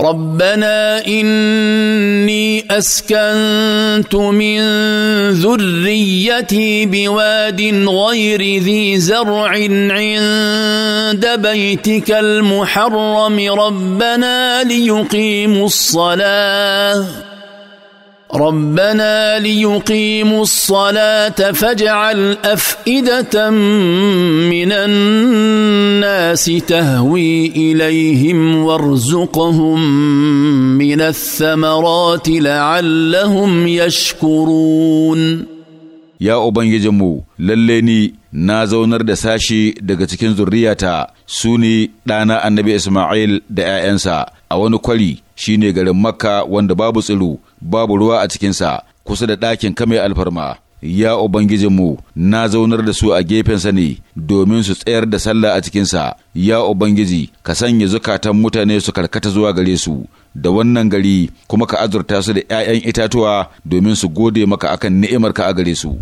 ربنا اني اسكنت من ذريتي بواد غير ذي زرع عند بيتك المحرم ربنا ليقيموا الصلاه ربنا ليقيموا الصلاه فاجعل افئده من الناس تهوي اليهم وارزقهم من الثمرات لعلهم يشكرون ya Ubangijinmu, lallai ni na zaunar da sashe daga cikin zurriyata suni ɗana annabi Ismail da ‘ya'yansa a wani kwari shi ne garin Makka wanda babu tsiru, babu ruwa a cikinsa, kusa da ɗakin kame alfarma. Ya Ubangijinmu, na zaunar da su a gefensa ne domin su tsayar da sallah a cikinsa, ya Ubangiji, ka sanya zukatan mutane su karkata zuwa gare su, da wannan gari kuma ka azurta su da ’ya'yan itatuwa domin su gode maka akan ni'imarka a gare su.